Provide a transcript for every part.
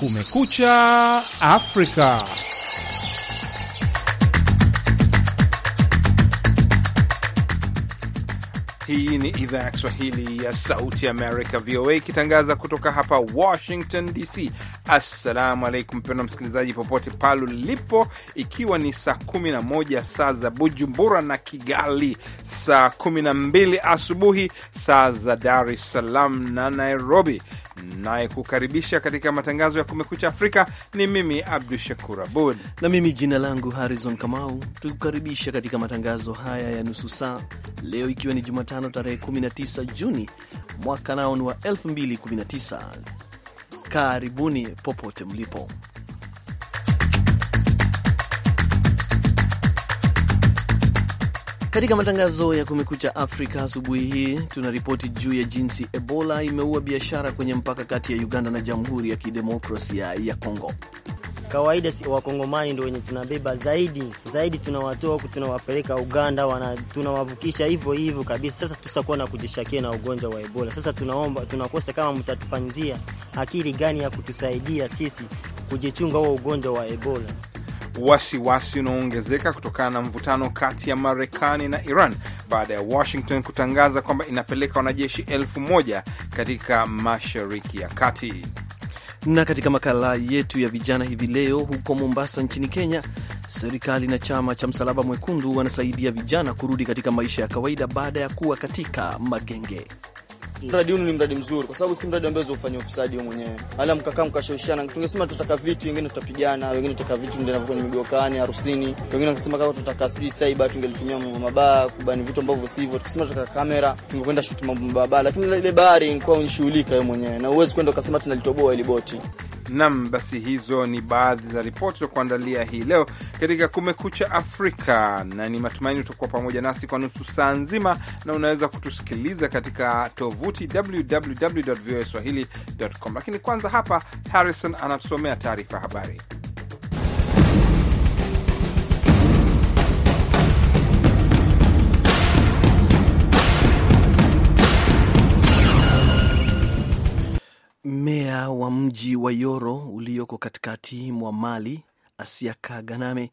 Kumekucha Afrika. Hii ni idhaa ya Kiswahili ya Sauti Amerika, VOA, ikitangaza kutoka hapa Washington DC. Assalamu alaikum, mpendwa msikilizaji, popote pale ulipo, ikiwa ni saa 11 saa za Bujumbura na Kigali, saa 12 asubuhi saa za Dar es Salaam na Nairobi naye kukaribisha katika matangazo ya Kumekucha Afrika ni mimi Abdu Shakur Abud na mimi jina langu Harrison Kamau, tukukaribisha katika matangazo haya ya nusu saa leo, ikiwa ni Jumatano tarehe 19 Juni mwaka naoni wa 2019. Karibuni popote mlipo Katika matangazo ya Kumekucha Afrika asubuhi hii tunaripoti juu ya jinsi Ebola imeua biashara kwenye mpaka kati ya Uganda na Jamhuri ya Kidemokrasia ya Kongo. Kawaida Wakongomani ndio wenye tunabeba zaidi zaidi, tunawatoa huku tunawapeleka Uganda, wana, tunawavukisha hivyo hivyo kabisa. Sasa tusakuwa na kujishakia na ugonjwa wa Ebola. Sasa tunaomba tunakosa, kama mtatupanzia akili gani ya kutusaidia sisi kujichunga huo ugonjwa wa Ebola wasiwasi unaoongezeka kutokana na mvutano kati ya Marekani na Iran baada ya Washington kutangaza kwamba inapeleka wanajeshi elfu moja katika Mashariki ya Kati. Na katika makala yetu ya vijana hivi leo, huko Mombasa nchini Kenya, serikali na chama cha Msalaba Mwekundu wanasaidia vijana kurudi katika maisha ya kawaida baada ya kuwa katika magenge. Mradi huu ni mradi mzuri, kwa sababu si mradi ambao ufanya ufisadi wewe mwenyewe, hala mkakaa mkashoshana. Tungesema tutaka vitu, wengine tutapigana, wengine tutaka vitu ndio vinavyokuwa kwenye migokani, harusini, wengine wakisema kama tutaka sijui cyber, tungelitumia mambo mabaya kubani vitu ambavyo sivyo. Tukisema tutaka kamera, tungekwenda shoot mambo mabaya, lakini ile bahari kwa unishughulika wewe mwenyewe, na uwezi kwenda ukasema tunalitoboa ile boti. Nam, basi hizo ni baadhi za ripoti za kuandalia hii leo katika Kumekucha Afrika, na ni matumaini utakuwa pamoja nasi kwa nusu saa nzima, na unaweza kutusikiliza katika tovuti www voa swahili com. Lakini kwanza hapa Harrison anatusomea taarifa habari. Meya wa mji wa Yoro ulioko katikati mwa Mali, Asiaka Ganame,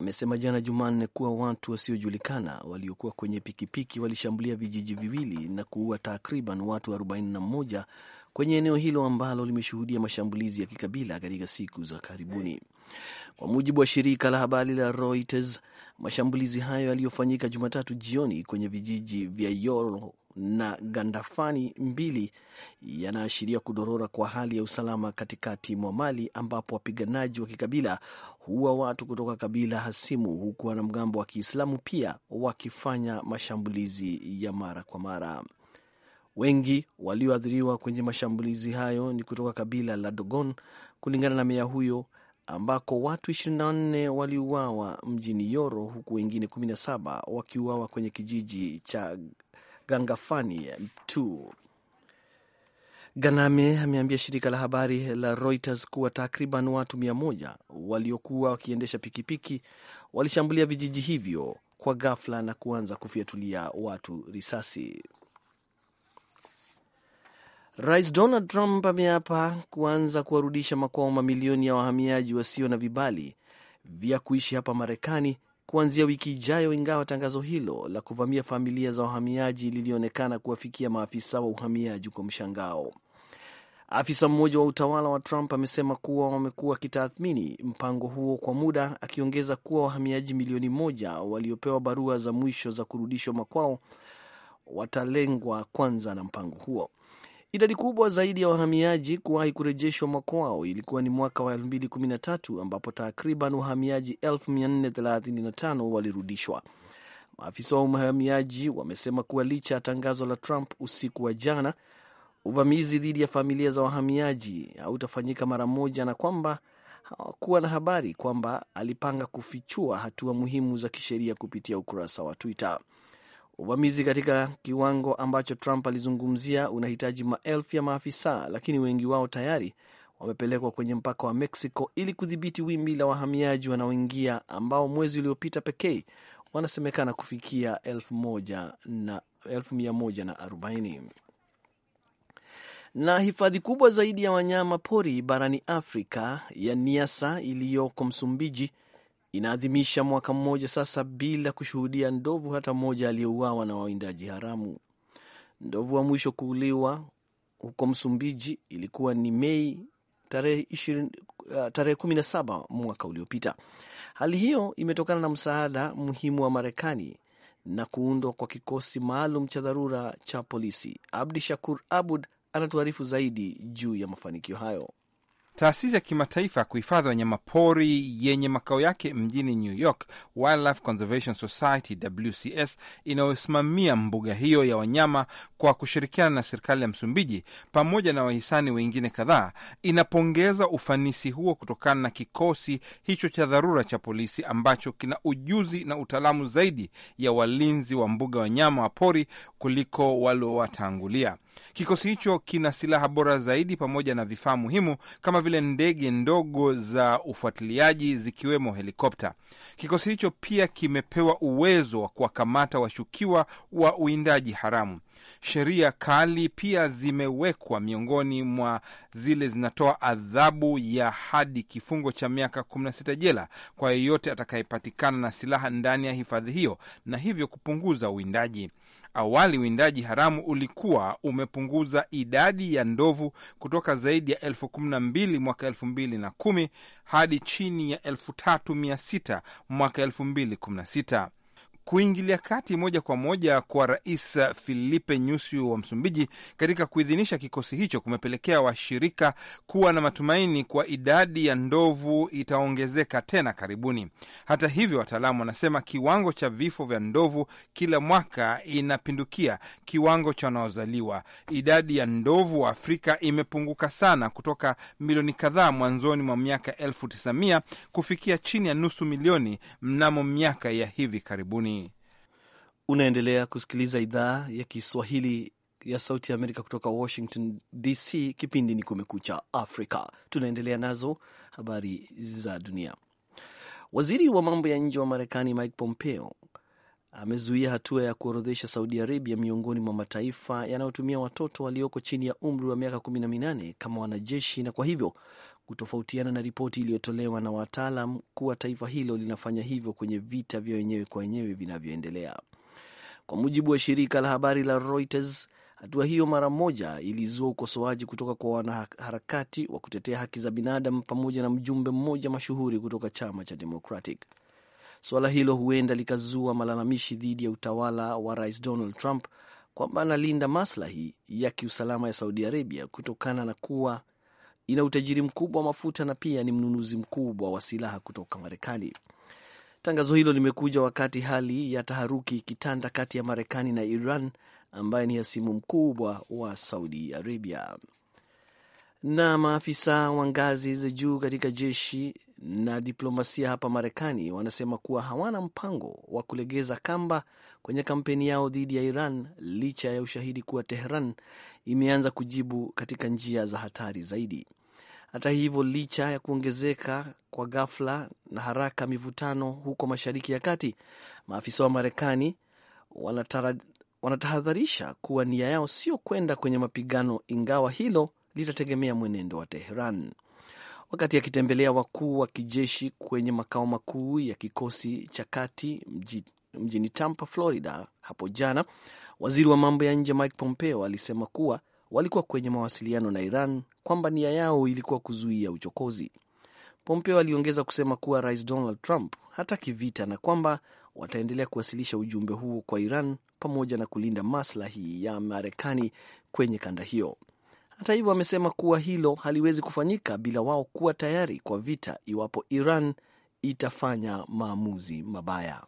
amesema jana Jumanne kuwa watu wasiojulikana waliokuwa kwenye pikipiki walishambulia vijiji viwili na kuua takriban watu 41 kwenye eneo hilo ambalo limeshuhudia mashambulizi ya kikabila katika siku za karibuni. Kwa mujibu wa shirika la habari la Reuters, mashambulizi hayo yaliyofanyika Jumatatu jioni kwenye vijiji vya Yoro na Gandafani mbili yanaashiria kudorora kwa hali ya usalama katikati mwa Mali, ambapo wapiganaji wa kikabila huwa watu kutoka kabila hasimu, huku wanamgambo wa Kiislamu pia wakifanya mashambulizi ya mara kwa mara. Wengi walioathiriwa kwenye mashambulizi hayo ni kutoka kabila la Dogon, kulingana na meya huyo, ambako watu 24 waliuawa mjini Yoro, huku wengine 17 wakiuawa kwenye kijiji cha Gangafani tu. Ganame ameambia shirika la habari la Reuters kuwa takriban watu mia moja waliokuwa wakiendesha pikipiki walishambulia vijiji hivyo kwa ghafla na kuanza kufyatulia watu risasi. Rais Donald Trump ameapa kuanza kuwarudisha makwao mamilioni ya wahamiaji wasio na vibali vya kuishi hapa Marekani kuanzia wiki ijayo, ingawa tangazo hilo la kuvamia familia za wahamiaji lilionekana kuwafikia maafisa wa uhamiaji kwa mshangao. Afisa mmoja wa utawala wa Trump amesema kuwa wamekuwa wakitathmini mpango huo kwa muda, akiongeza kuwa wahamiaji milioni moja waliopewa barua za mwisho za kurudishwa makwao watalengwa kwanza na mpango huo. Idadi kubwa zaidi ya wahamiaji kuwahi kurejeshwa makwao ilikuwa ni mwaka wa 2013 ambapo takriban wahamiaji 435 walirudishwa. Maafisa wa uhamiaji wamesema kuwa licha ya tangazo la Trump usiku wa jana, uvamizi dhidi ya familia za wahamiaji hautafanyika mara moja, na kwamba hawakuwa na habari kwamba alipanga kufichua hatua muhimu za kisheria kupitia ukurasa wa Twitter. Uvamizi katika kiwango ambacho Trump alizungumzia unahitaji maelfu ya maafisa, lakini wengi wao tayari wamepelekwa kwenye mpaka wa Mexico ili kudhibiti wimbi la wahamiaji wanaoingia ambao mwezi uliopita pekee wanasemekana kufikia elfu moja na elfu mia moja na arobaini. Na hifadhi kubwa zaidi ya wanyama pori barani Afrika ya Niasa iliyoko Msumbiji inaadhimisha mwaka mmoja sasa bila kushuhudia ndovu hata mmoja aliyeuawa na wawindaji haramu. Ndovu wa mwisho kuuliwa huko Msumbiji ilikuwa ni Mei tarehe 17 uh, mwaka uliopita. Hali hiyo imetokana na msaada muhimu wa Marekani na kuundwa kwa kikosi maalum cha dharura cha polisi. Abdi Shakur Abud anatuarifu zaidi juu ya mafanikio hayo. Taasisi ya kimataifa ya kuhifadhi wanyama pori yenye makao yake mjini New York, Wildlife Conservation Society WCS, inayosimamia mbuga hiyo ya wanyama kwa kushirikiana na serikali ya Msumbiji pamoja na wahisani wengine kadhaa, inapongeza ufanisi huo kutokana na kikosi hicho cha dharura cha polisi ambacho kina ujuzi na utaalamu zaidi ya walinzi wa mbuga wanyama wa pori kuliko waliowatangulia. Kikosi hicho kina silaha bora zaidi pamoja na vifaa muhimu kama vile ndege ndogo za ufuatiliaji zikiwemo helikopta. Kikosi hicho pia kimepewa uwezo wa kuwakamata washukiwa wa uwindaji haramu. Sheria kali pia zimewekwa, miongoni mwa zile zinatoa adhabu ya hadi kifungo cha miaka 16 jela kwa yeyote atakayepatikana na silaha ndani ya hifadhi hiyo, na hivyo kupunguza uwindaji. Awali uwindaji haramu ulikuwa umepunguza idadi ya ndovu kutoka zaidi ya elfu kumi na mbili mwaka elfu mbili na kumi hadi chini ya elfu tatu mia sita mwaka elfu mbili kumi na sita kuingilia kati moja kwa moja kwa Rais Filipe Nyusi wa Msumbiji katika kuidhinisha kikosi hicho kumepelekea washirika kuwa na matumaini kwa idadi ya ndovu itaongezeka tena karibuni. Hata hivyo, wataalamu wanasema kiwango cha vifo vya ndovu kila mwaka inapindukia kiwango cha wanaozaliwa. Idadi ya ndovu wa Afrika imepunguka sana kutoka milioni kadhaa mwanzoni mwa miaka e9 kufikia chini ya nusu milioni mnamo miaka ya hivi karibuni. Unaendelea kusikiliza idhaa ya Kiswahili ya Sauti ya Amerika kutoka Washington DC. Kipindi ni Kumekucha Afrika. Tunaendelea nazo habari za dunia. Waziri wa mambo ya nje wa Marekani Mike Pompeo amezuia hatua ya kuorodhesha Saudi Arabia miongoni mwa mataifa yanayotumia watoto walioko chini ya umri wa miaka kumi minane kama wanajeshi, na kwa hivyo kutofautiana na ripoti iliyotolewa na wataalam kuwa taifa hilo linafanya hivyo kwenye vita vya wenyewe kwa wenyewe vinavyoendelea. Kwa mujibu wa shirika la habari la Reuters, hatua hiyo mara moja ilizua ukosoaji kutoka kwa wanaharakati wa kutetea haki za binadamu pamoja na mjumbe mmoja mashuhuri kutoka chama cha Democratic. Suala hilo huenda likazua malalamishi dhidi ya utawala wa Rais Donald Trump kwamba analinda maslahi ya kiusalama ya Saudi Arabia kutokana na kuwa ina utajiri mkubwa wa mafuta na pia ni mnunuzi mkubwa wa silaha kutoka Marekani. Tangazo hilo limekuja wakati hali ya taharuki ikitanda kati ya Marekani na Iran ambaye ni hasimu mkubwa wa Saudi Arabia. Na maafisa wa ngazi za juu katika jeshi na diplomasia hapa Marekani wanasema kuwa hawana mpango wa kulegeza kamba kwenye kampeni yao dhidi ya Iran licha ya ushahidi kuwa Tehran imeanza kujibu katika njia za hatari zaidi. Hata hivyo, licha ya kuongezeka kwa ghafla na haraka mivutano huko Mashariki ya Kati, maafisa wa Marekani wanatahadharisha kuwa nia yao sio kwenda kwenye mapigano, ingawa hilo litategemea mwenendo wa Teheran. Wakati akitembelea wakuu wa kijeshi kwenye makao makuu ya kikosi cha kati mjini Tampa, Florida hapo jana, waziri wa mambo ya nje Mike Pompeo alisema kuwa walikuwa kwenye mawasiliano na Iran kwamba nia yao ilikuwa kuzuia uchokozi. Pompeo aliongeza kusema kuwa Rais Donald Trump hataki vita na kwamba wataendelea kuwasilisha ujumbe huo kwa Iran pamoja na kulinda maslahi ya Marekani kwenye kanda hiyo. Hata hivyo, amesema kuwa hilo haliwezi kufanyika bila wao kuwa tayari kwa vita iwapo Iran itafanya maamuzi mabaya.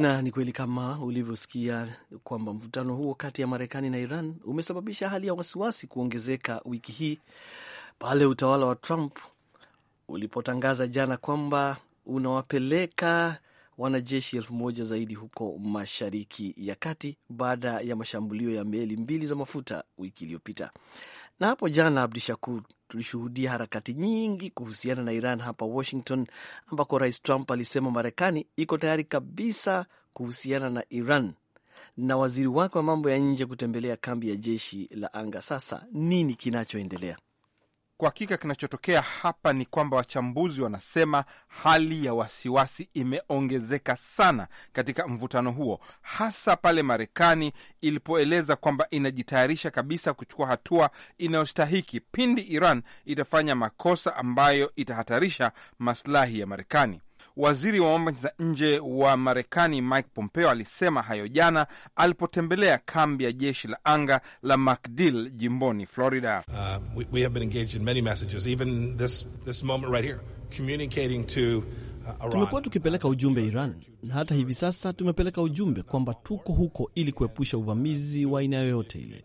Na ni kweli kama ulivyosikia kwamba mvutano huo kati ya Marekani na Iran umesababisha hali ya wasiwasi kuongezeka wiki hii pale utawala wa Trump ulipotangaza jana kwamba unawapeleka wanajeshi elfu moja zaidi huko Mashariki ya Kati baada ya mashambulio ya meli mbili za mafuta wiki iliyopita. Na hapo jana, Abdu Shakur, tulishuhudia harakati nyingi kuhusiana na Iran hapa Washington, ambako Rais Trump alisema Marekani iko tayari kabisa kuhusiana na Iran na waziri wake wa mambo ya nje kutembelea kambi ya jeshi la anga. Sasa nini kinachoendelea? Kwa hakika kinachotokea hapa ni kwamba wachambuzi wanasema hali ya wasiwasi imeongezeka sana katika mvutano huo, hasa pale Marekani ilipoeleza kwamba inajitayarisha kabisa kuchukua hatua inayostahiki pindi Iran itafanya makosa ambayo itahatarisha maslahi ya Marekani. Waziri wa mambo za nje wa Marekani Mike Pompeo alisema hayo jana alipotembelea kambi ya jeshi la anga la MacDill jimboni Florida. Uh, we have been engaged in many messages even this, this moment right here communicating to uh, Tumekuwa tukipeleka ujumbe Iran na hata hivi sasa tumepeleka ujumbe kwamba tuko huko ili kuepusha uvamizi wa aina yoyote ile.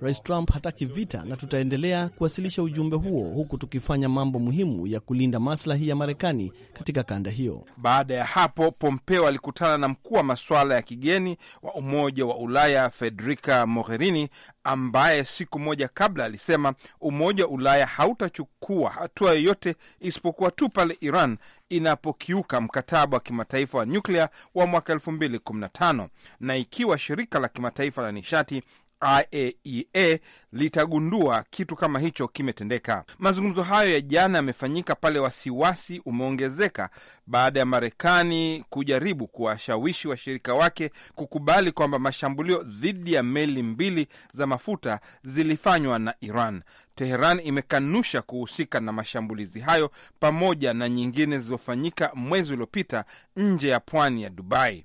Rais Trump hataki vita na tutaendelea kuwasilisha ujumbe huo huku tukifanya mambo muhimu ya kulinda maslahi ya Marekani katika kanda hiyo. Baada ya hapo, Pompeo alikutana na mkuu wa masuala ya kigeni wa Umoja wa Ulaya Federica Mogherini, ambaye siku moja kabla alisema Umoja wa Ulaya hautachukua hatua yoyote isipokuwa tu pale Iran inapokiuka mkataba wa kimataifa wa nyuklia wa mwaka 2015 na ikiwa shirika la kimataifa la nishati IAEA e e litagundua kitu kama hicho kimetendeka. Mazungumzo hayo ya jana yamefanyika pale wasiwasi umeongezeka baada ya Marekani kujaribu kuwashawishi washirika wake kukubali kwamba mashambulio dhidi ya meli mbili za mafuta zilifanywa na Iran. Teheran imekanusha kuhusika na mashambulizi hayo pamoja na nyingine zilizofanyika mwezi uliopita nje ya pwani ya Dubai.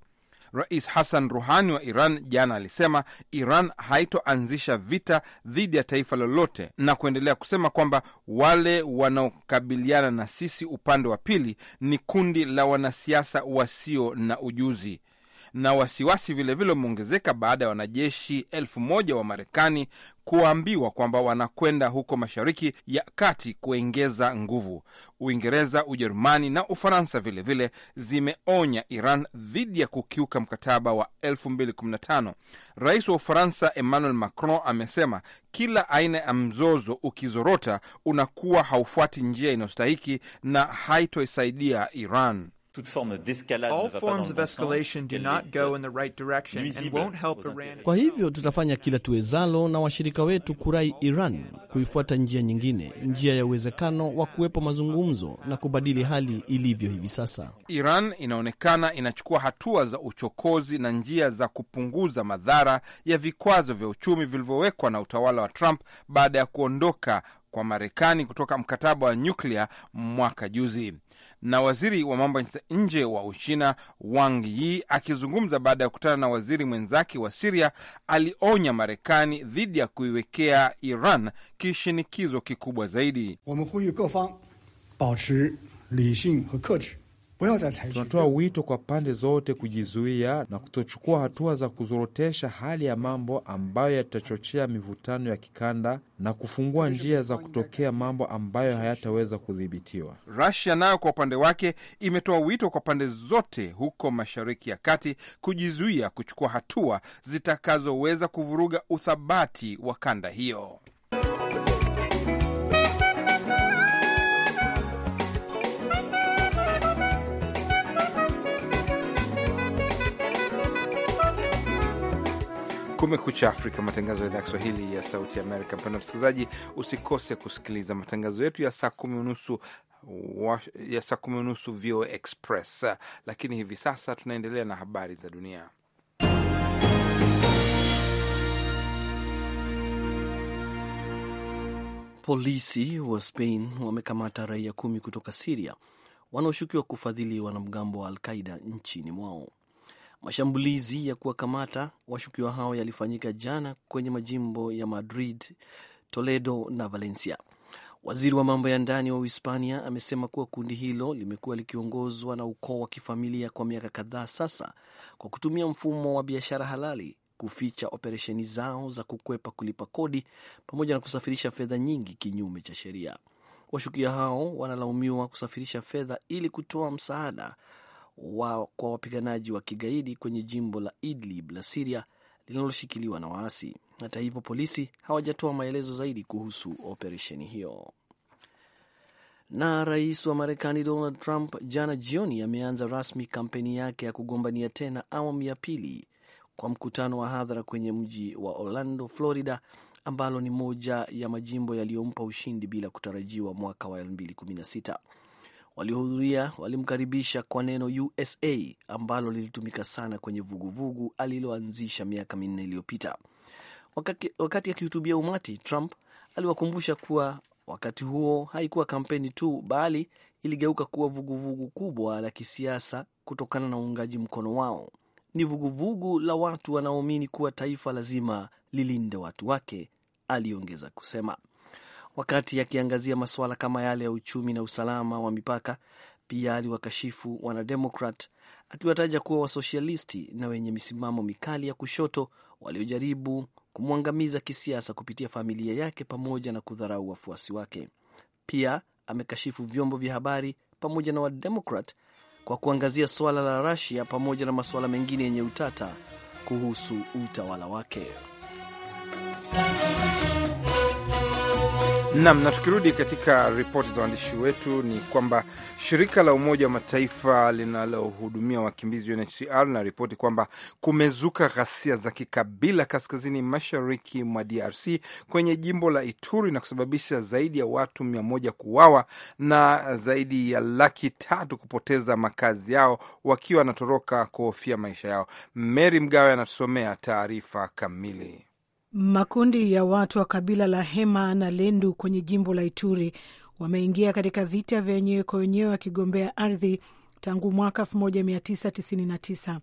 Rais Hassan Ruhani wa Iran jana alisema Iran haitoanzisha vita dhidi ya taifa lolote, na kuendelea kusema kwamba wale wanaokabiliana na sisi upande wa pili ni kundi la wanasiasa wasio na ujuzi na wasiwasi vilevile umeongezeka baada ya wanajeshi elfu moja wa Marekani kuambiwa kwamba wanakwenda huko mashariki ya kati kuengeza nguvu. Uingereza, Ujerumani na Ufaransa vilevile zimeonya Iran dhidi ya kukiuka mkataba wa 2015. Rais wa Ufaransa Emmanuel Macron amesema kila aina ya mzozo ukizorota unakuwa haufuati njia inayostahiki na haitoisaidia Iran. Kwa hivyo tutafanya kila tuwezalo na washirika wetu kurai Iran kuifuata njia nyingine, njia ya uwezekano wa kuwepo mazungumzo na kubadili hali ilivyo hivi sasa. Iran inaonekana inachukua hatua za uchokozi na njia za kupunguza madhara ya vikwazo vya uchumi vilivyowekwa na utawala wa Trump baada ya kuondoka kwa Marekani kutoka mkataba wa nyuklia mwaka juzi na waziri wa mambo ya nje wa Uchina Wang Yi akizungumza baada ya kukutana na waziri mwenzake wa Siria alionya Marekani dhidi ya kuiwekea Iran kishinikizo kikubwa zaidi. Tunatoa wito kwa pande zote kujizuia na kutochukua hatua za kuzorotesha hali ya mambo ambayo yatachochea mivutano ya kikanda na kufungua njia za kutokea mambo ambayo hayataweza kudhibitiwa. rasia nayo kwa upande wake imetoa wito kwa pande zote huko Mashariki ya Kati kujizuia kuchukua hatua zitakazoweza kuvuruga uthabati wa kanda hiyo. Kumekucha Afrika, matangazo ya idhaa ya Kiswahili ya Sauti Amerika. Mpendwa msikilizaji, usikose kusikiliza matangazo yetu ya saa kumi unusu ya saa kumi unusu VOA Express. Lakini hivi sasa tunaendelea na habari za dunia. Polisi wa Spain wamekamata raia kumi kutoka Siria wanaoshukiwa kufadhili wanamgambo wa Alqaida nchini mwao. Mashambulizi ya kuwakamata washukiwa hao yalifanyika jana kwenye majimbo ya Madrid, Toledo na Valencia. Waziri wa mambo ya ndani wa Uhispania amesema kuwa kundi hilo limekuwa likiongozwa na ukoo wa kifamilia kwa miaka kadhaa sasa, kwa kutumia mfumo wa biashara halali kuficha operesheni zao za kukwepa kulipa kodi pamoja na kusafirisha fedha nyingi kinyume cha sheria. Washukiwa hao wanalaumiwa kusafirisha fedha ili kutoa msaada wa kwa wapiganaji wa kigaidi kwenye jimbo la Idlib la Siria linaloshikiliwa na waasi. Hata hivyo, polisi hawajatoa maelezo zaidi kuhusu operesheni hiyo. Na rais wa Marekani Donald Trump jana jioni ameanza rasmi kampeni yake ya kugombania tena awamu ya pili kwa mkutano wa hadhara kwenye mji wa Orlando, Florida, ambalo ni moja ya majimbo yaliyompa ushindi bila kutarajiwa mwaka wa Waliohudhuria walimkaribisha kwa neno USA ambalo lilitumika sana kwenye vuguvugu aliloanzisha miaka minne iliyopita. Wakati, wakati akihutubia umati, Trump aliwakumbusha kuwa wakati huo haikuwa kampeni tu, bali iligeuka kuwa vuguvugu kubwa la kisiasa kutokana na uungaji mkono wao. Ni vuguvugu la watu wanaoamini kuwa taifa lazima lilinde watu wake, aliongeza kusema wakati akiangazia masuala kama yale ya uchumi na usalama wa mipaka. Pia aliwakashifu wanademokrat akiwataja kuwa wasosialisti na wenye misimamo mikali ya kushoto waliojaribu kumwangamiza kisiasa kupitia familia yake pamoja na kudharau wafuasi wake. Pia amekashifu vyombo vya habari pamoja na wademokrat kwa kuangazia suala la rasia pamoja na masuala mengine yenye utata kuhusu utawala wake. Nam, na tukirudi katika ripoti za waandishi wetu ni kwamba shirika la Umoja wa Mataifa linalohudumia wakimbizi UNHCR linaripoti kwamba kumezuka ghasia za kikabila kaskazini mashariki mwa DRC kwenye jimbo la Ituri na kusababisha zaidi ya watu mia moja kuuawa na zaidi ya laki tatu kupoteza makazi yao wakiwa wanatoroka kuhofia maisha yao. Mary Mgawe anatusomea taarifa kamili. Makundi ya watu wa kabila la Hema na Lendu kwenye jimbo la Ituri wameingia katika vita vya wenyewe kwa wenyewe wakigombea ardhi tangu mwaka 1999.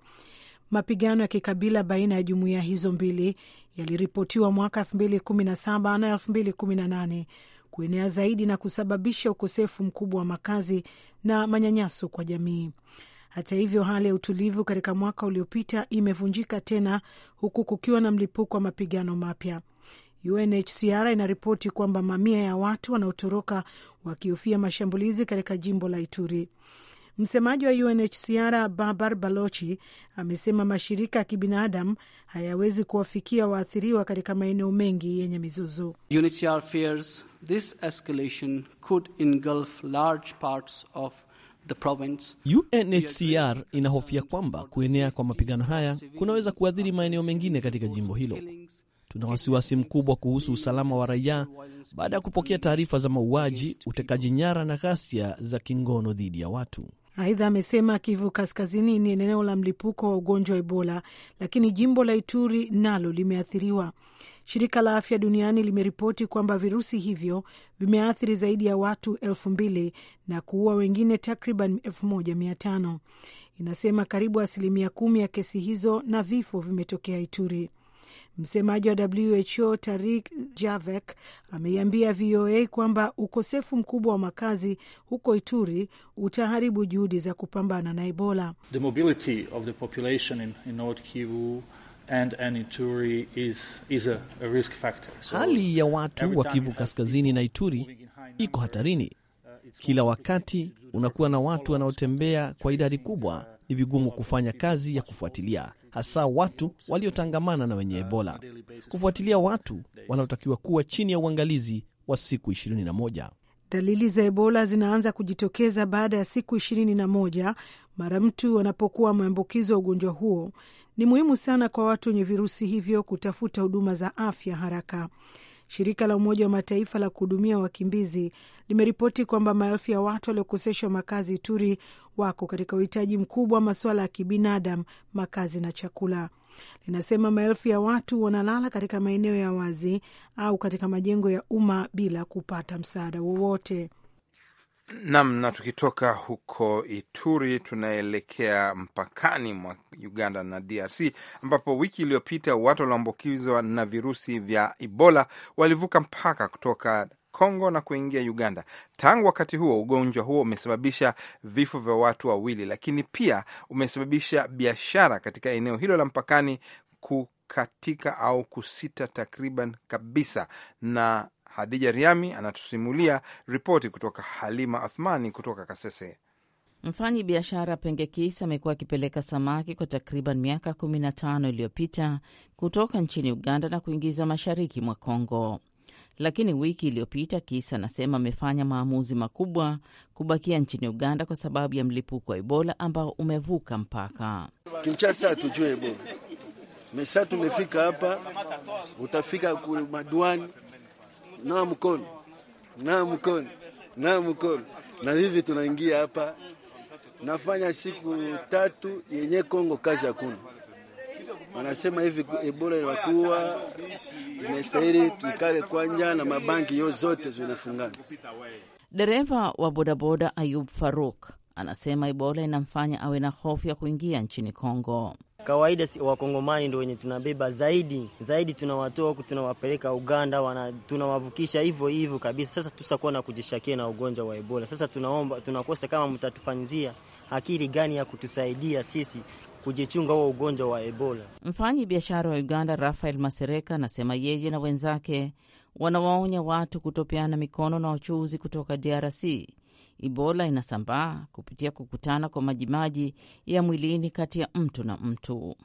Mapigano ya kikabila baina ya jumuiya hizo mbili yaliripotiwa mwaka 2017 na 2018 kuenea zaidi na kusababisha ukosefu mkubwa wa makazi na manyanyaso kwa jamii. Hata hivyo, hali ya utulivu katika mwaka uliopita imevunjika tena huku kukiwa na mlipuko wa mapigano mapya. UNHCR inaripoti kwamba mamia ya watu wanaotoroka wakihofia mashambulizi katika jimbo la Ituri. Msemaji wa UNHCR Babar Balochi amesema mashirika ya kibinadamu hayawezi kuwafikia waathiriwa katika maeneo mengi yenye mizozo. UNHCR fears this escalation could engulf large parts of UNHCR inahofia kwamba kuenea kwa mapigano haya kunaweza kuathiri maeneo mengine katika jimbo hilo. Tuna wasiwasi mkubwa kuhusu usalama wa raia baada ya kupokea taarifa za mauaji, utekaji nyara na ghasia za kingono dhidi ya watu. Aidha, amesema Kivu Kaskazini ni eneo la mlipuko wa ugonjwa wa Ebola, lakini jimbo la Ituri nalo limeathiriwa. Shirika la Afya Duniani limeripoti kwamba virusi hivyo vimeathiri zaidi ya watu elfu mbili na kuua wengine takriban elfu moja mia tano. Inasema karibu asilimia kumi ya kesi hizo na vifo vimetokea Ituri. Msemaji wa WHO Tarik Javek ameiambia VOA kwamba ukosefu mkubwa wa makazi huko Ituri utaharibu juhudi za kupambana na Ebola. The mobility of the population in, in North Kivu And is, is a, a risk factor. So, hali ya watu wa Kivu Kaskazini na Ituri iko hatarini. Uh, Kila wakati unakuwa na watu wanaotembea kwa idadi kubwa, uh, ni vigumu kufanya kazi ya kufuatilia, hasa watu waliotangamana na uh, wenye Ebola, kufuatilia watu wanaotakiwa kuwa chini ya uangalizi wa siku 21. Dalili za Ebola zinaanza kujitokeza baada ya siku 21 mara mtu anapokuwa ameambukizwa ugonjwa huo ni muhimu sana kwa watu wenye virusi hivyo kutafuta huduma za afya haraka. Shirika la Umoja wa Mataifa la kuhudumia wakimbizi limeripoti kwamba maelfu ya watu waliokoseshwa makazi turi wako katika uhitaji mkubwa wa masuala ya kibinadamu, makazi na chakula. Linasema maelfu ya watu wanalala katika maeneo ya wazi au katika majengo ya umma bila kupata msaada wowote. Nam, na tukitoka huko Ituri tunaelekea mpakani mwa Uganda na DRC ambapo wiki iliyopita watu walioambukizwa na virusi vya Ebola walivuka mpaka kutoka Kongo na kuingia Uganda. Tangu wakati huo, ugonjwa huo umesababisha vifo vya watu wawili, lakini pia umesababisha biashara katika eneo hilo la mpakani kukatika au kusita takriban kabisa na Hadija Riami anatusimulia ripoti kutoka Halima Athmani kutoka Kasese. Mfanyi biashara Pengekis amekuwa akipeleka samaki kwa takriban miaka 15 iliyopita kutoka nchini Uganda na kuingiza mashariki mwa Kongo, lakini wiki iliyopita kis anasema amefanya maamuzi makubwa kubakia nchini Uganda kwa sababu ya mlipuko wa Ebola ambao umevuka mpaka Kinshasa. Tujue Ebola mesa, tumefika hapa, utafika kwa na mkono na mkono na mkono na hivi tunaingia hapa, nafanya siku tatu yenye Kongo kazi hakuna. Wanasema hivi Ebola inakuwa inastahili tuikale kwanja na mabanki yo zote zinafungana. Dereva wa bodaboda Ayub Faruk anasema Ebola inamfanya awe na hofu ya kuingia nchini Kongo. Kawaida wakongomani ndio wenye tunabeba zaidi zaidi, tunawatoa huku tunawapeleka Uganda, wana, tunawavukisha hivyo hivyo kabisa. Sasa tusakuwa na kujishakia na ugonjwa wa Ebola. Sasa tunaomba tunakosa, kama mtatufanyizia akili gani ya kutusaidia sisi kujichunga huo ugonjwa wa Ebola. Mfanyi biashara wa Uganda Rafael Masereka anasema yeye na wenzake wanawaonya watu kutopeana mikono na wachuuzi kutoka DRC Ibola inasambaa kupitia kukutana kwa majimaji ya mwilini kati ya mtu na mtu.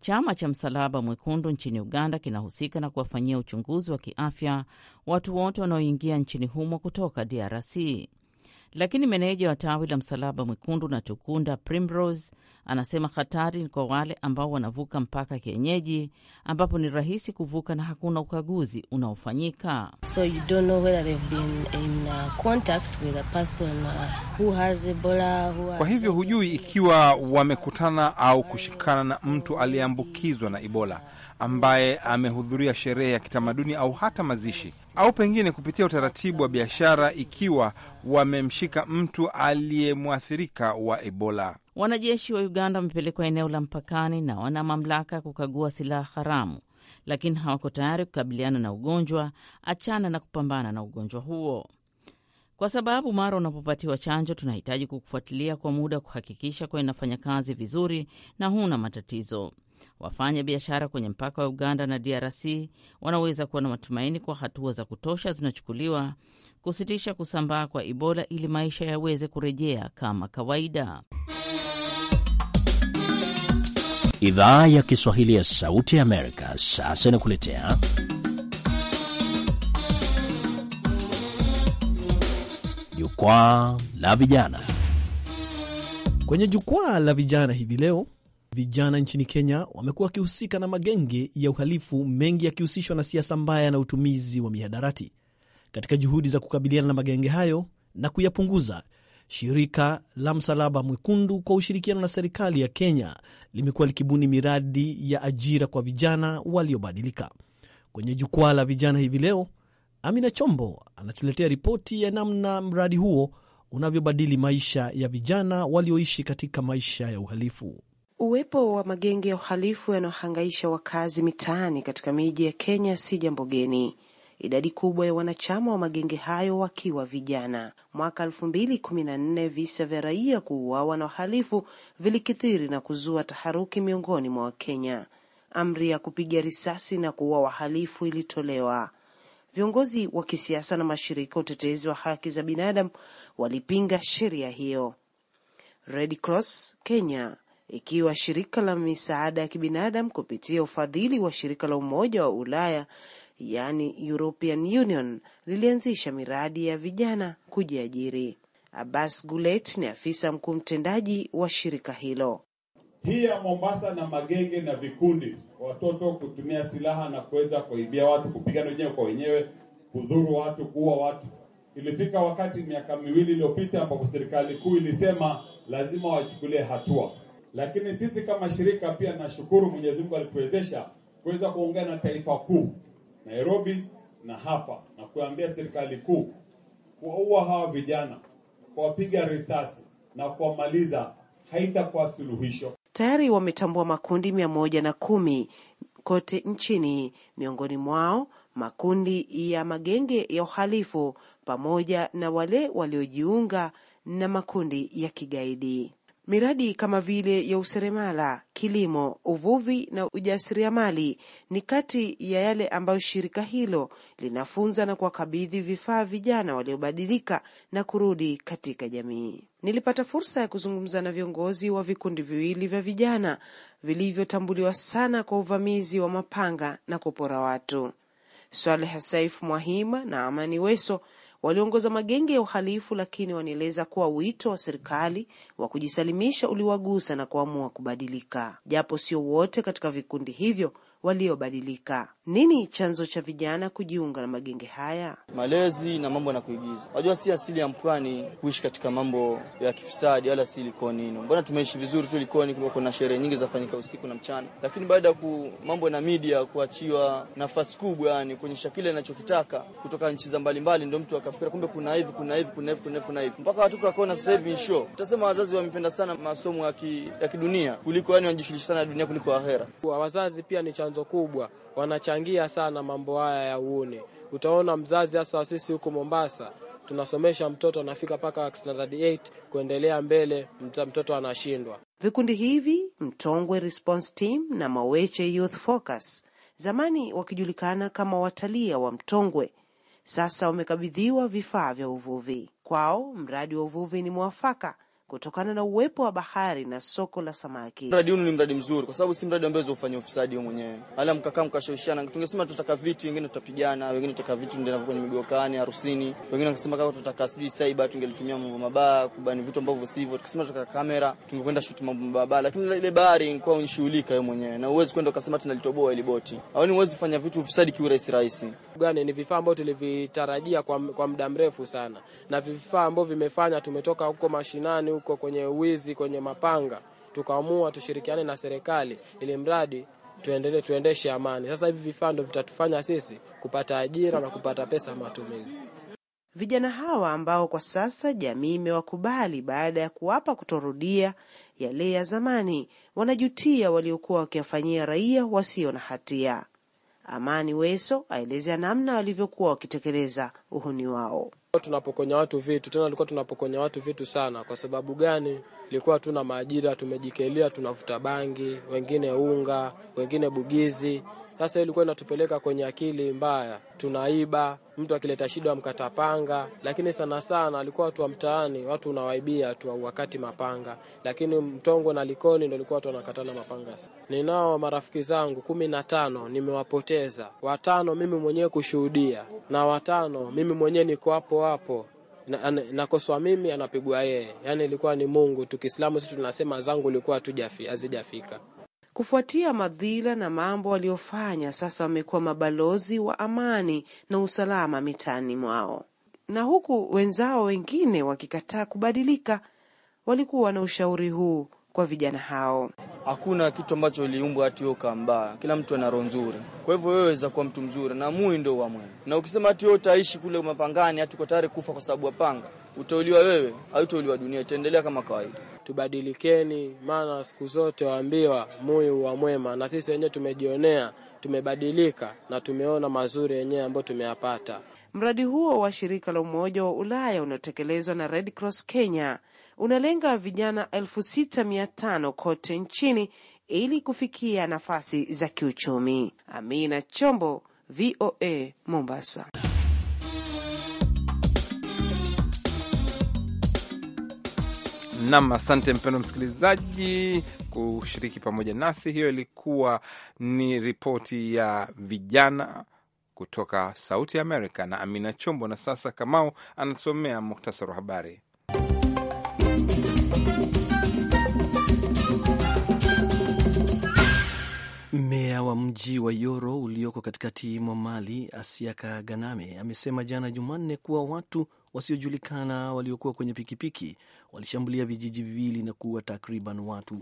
Chama cha Msalaba Mwekundu nchini Uganda kinahusika na kuwafanyia uchunguzi wa kiafya watu wote wanaoingia nchini humo kutoka DRC. Lakini meneja wa tawi la Msalaba Mwekundu na Tukunda Primrose anasema hatari ni kwa wale ambao wanavuka mpaka kienyeji, ambapo ni rahisi kuvuka na hakuna ukaguzi unaofanyika. So you don't know whether they've been in uh, contact with a person uh, who has Ebola, who has... Kwa hivyo hujui ikiwa wamekutana au kushikana na mtu aliyeambukizwa na Ebola ambaye amehudhuria sherehe ya kitamaduni au hata mazishi au pengine kupitia utaratibu wa biashara ikiwa wamem kumshika mtu aliyemwathirika wa Ebola. Wanajeshi wa Uganda wamepelekwa eneo la mpakani na wana mamlaka ya kukagua silaha haramu, lakini hawako tayari kukabiliana na ugonjwa, achana na kupambana na ugonjwa huo kwa sababu mara unapopatiwa chanjo tunahitaji kukufuatilia kwa muda kuhakikisha kuwa inafanya kazi vizuri na huna matatizo. Wafanya biashara kwenye mpaka wa Uganda na DRC wanaweza kuwa na matumaini kwa hatua za kutosha zinachukuliwa kusitisha kusambaa kwa Ebola ili maisha yaweze kurejea kama kawaida. Idhaa ya Kiswahili ya Sauti ya Amerika sasa inakuletea Jukwaa la Vijana. Kwenye Jukwaa la Vijana hivi leo, vijana nchini Kenya wamekuwa wakihusika na magenge ya uhalifu, mengi yakihusishwa na siasa mbaya na utumizi wa mihadarati. Katika juhudi za kukabiliana na magenge hayo na kuyapunguza, shirika la Msalaba Mwekundu kwa ushirikiano na serikali ya Kenya limekuwa likibuni miradi ya ajira kwa vijana waliobadilika. Kwenye jukwaa la vijana hivi leo, Amina Chombo anatuletea ripoti ya namna mradi huo unavyobadili maisha ya vijana walioishi katika maisha ya uhalifu. Uwepo wa magenge ya uhalifu yanayohangaisha wakazi mitaani katika miji ya Kenya si jambo geni idadi kubwa ya wanachama wa magenge hayo wakiwa vijana. Mwaka nne visa vya raia kuuawa na wahalifu vilikithiri na kuzua taharuki miongoni mwa Wakenya. Amri ya kupiga risasi na kuua wahalifu ilitolewa. Viongozi wa kisiasa na mashirika ya utetezi wa haki za binadamu walipinga sheria hiyo. Red Cross Kenya ikiwa shirika la misaada ya kibinadamu kupitia ufadhili wa shirika la Umoja wa Ulaya yaani European Union lilianzisha miradi ya vijana kujiajiri. Abbas Gulet ni afisa mkuu mtendaji wa shirika hilo. hii ya Mombasa na magenge na vikundi, watoto kutumia silaha na kuweza kuibia watu, kupigana wenyewe kwa wenyewe, kudhuru watu, kuua watu. Ilifika wakati miaka miwili iliyopita ambapo serikali kuu ilisema lazima wachukulie hatua, lakini sisi kama shirika pia nashukuru Mwenyezi Mungu alituwezesha kuweza kuongea na taifa kuu Nairobi na hapa na kuambia serikali kuu kuwaua hawa vijana, kuwapiga risasi na kuwamaliza haitakuwa suluhisho. Tayari wametambua makundi mia moja na kumi kote nchini, miongoni mwao makundi ya magenge ya uhalifu pamoja na wale waliojiunga na makundi ya kigaidi. Miradi kama vile ya useremala, kilimo, uvuvi na ujasiriamali ni kati ya yale ambayo shirika hilo linafunza na kuwakabidhi vifaa vijana waliobadilika na kurudi katika jamii. Nilipata fursa ya kuzungumza na viongozi wa vikundi viwili vya vijana vilivyotambuliwa sana kwa uvamizi wa mapanga na kupora watu, Swaleh Saif Mwahima na Amani Weso waliongoza magenge ya uhalifu, lakini wanaeleza kuwa wito wa serikali wa kujisalimisha uliwagusa na kuamua kubadilika, japo sio wote katika vikundi hivyo waliobadilika. Nini chanzo cha vijana kujiunga na magenge haya? Malezi na mambo na kuigiza. Unajua si asili ya mpwani kuishi katika mambo ya kifisadi, wala si Likoni Mbona tumeishi vizuri tu Likoni, kulikuwa kuna sherehe nyingi zafanyika usiku na mchana, lakini baada ya mambo na media kuachiwa nafasi kubwa, yani kuonyesha kile anachokitaka kutoka nchi za mbalimbali, ndio mtu akafikira kumbe kuna hivi kuna hivi kuna hivi kuna hivi kuna hivi, mpaka watoto wakaona sasa hivi show. Utasema wazazi wamependa sana masomo ya ki, ya kidunia kuliko yani wanajishughulisha sana dunia kuliko ahera. Wazazi pia ni chanzo kubwa wana inachangia sana mambo haya ya uone. Utaona mzazi, hasa sisi huku Mombasa tunasomesha mtoto anafika mpaka standard 8 kuendelea mbele, mtoto anashindwa. Vikundi hivi Mtongwe Response Team na Maweche Youth Focus, zamani wakijulikana kama watalia wa Mtongwe, sasa wamekabidhiwa vifaa vya uvuvi. Kwao mradi wa uvuvi ni mwafaka kutokana na uwepo wa bahari na soko la samaki. Mradi huu ni mradi mzuri, kwa sababu si mradi ambao ufanya ufisadi wewe mwenyewe, ala mkakaa mkashawishiana. Tungesema tutaka viti, wengine tutapigana, wengine tutaka vitu ndio navyo kwenye migokani, harusini, wengine wakisema kama tutaka sijui cyber, tungelitumia mambo mabaya kubani vitu ambavyo sivyo. Tukisema tutaka kamera, tungekwenda shoot mambo mabaya, lakini ile bahari ilikuwa unishughulika wewe mwenyewe, na uwezi kwenda ukasema tunalitoboa ile boti, au ni uwezi fanya vitu ufisadi kiurahisi rahisi gani. Ni vifaa ambavyo tulivitarajia kwa, kwa muda mrefu sana, na vifaa ambavyo vimefanya tumetoka huko mashinani huko kwenye wizi, kwenye mapanga, tukaamua tushirikiane na serikali ili mradi tuendelee tuendeshe amani. Sasa hivi vifaa ndio vitatufanya sisi kupata ajira na kupata pesa matumizi. Vijana hawa ambao kwa sasa jamii imewakubali baada ya kuwapa kutorudia yale ya zamani, wanajutia waliokuwa wakiwafanyia raia wasio na hatia. Amani Weso aelezea namna walivyokuwa wakitekeleza uhuni wao tunapokonya watu vitu tena, tulikuwa tunapokonya watu vitu sana. Kwa sababu gani? ilikuwa hatuna maajira, tumejikelia tunavuta bangi, wengine unga, wengine bugizi. Sasa ilikuwa inatupeleka kwenye akili mbaya, tunaiba. Mtu akileta shida amkata panga, lakini sana sana alikuwa watu wa mtaani, watu unawaibia tu wakati mapanga, lakini mtongo na likoni ndio alikuwa watu wanakatana mapanga. Ninao marafiki zangu kumi na tano nimewapoteza, watano mimi mwenyewe kushuhudia na watano mimi mwenyewe niko hapo hapo nakoswa na mimi anapigwa yeye, yaani ilikuwa ni Mungu tu. Kiislamu sisi tunasema zangu ilikuwa hazijafika. Kufuatia madhila na mambo waliofanya, sasa wamekuwa mabalozi wa amani na usalama mitaani mwao, na huku wenzao wengine wakikataa kubadilika, walikuwa na ushauri huu kwa vijana hao. Hakuna kitu ambacho iliumbwa hati yoka mbaya kila mtu ana roho nzuri. Kwa hivyo wewe weza kuwa mtu mzuri na mui ndo wa na ukisema hati yo utaishi kule mapangani, hati uko tayari kufa kwa sababu ya panga, utauliwa wewe au utauliwa dunia, itaendelea kama kawaida. Tubadilikeni, maana siku zote waambiwa mui wa mwema, na sisi wenyewe tumejionea, tumebadilika na tumeona mazuri yenyewe ambayo tumeyapata. Mradi huo wa shirika la Umoja wa Ulaya unaotekelezwa na Red Cross Kenya unalenga vijana elfu sita mia tano kote nchini ili kufikia nafasi za kiuchumi. Amina Chombo, VOA Mombasa. Nam, asante mpendo msikilizaji kushiriki pamoja nasi. Hiyo ilikuwa ni ripoti ya vijana kutoka Sauti ya Amerika na Amina Chombo. Na sasa Kamau anatusomea muhtasari wa habari. Meya wa mji wa Yoro ulioko katikati mwa Mali, Asiaka Ganame, amesema jana Jumanne kuwa watu wasiojulikana waliokuwa kwenye pikipiki walishambulia vijiji viwili na kuua takriban watu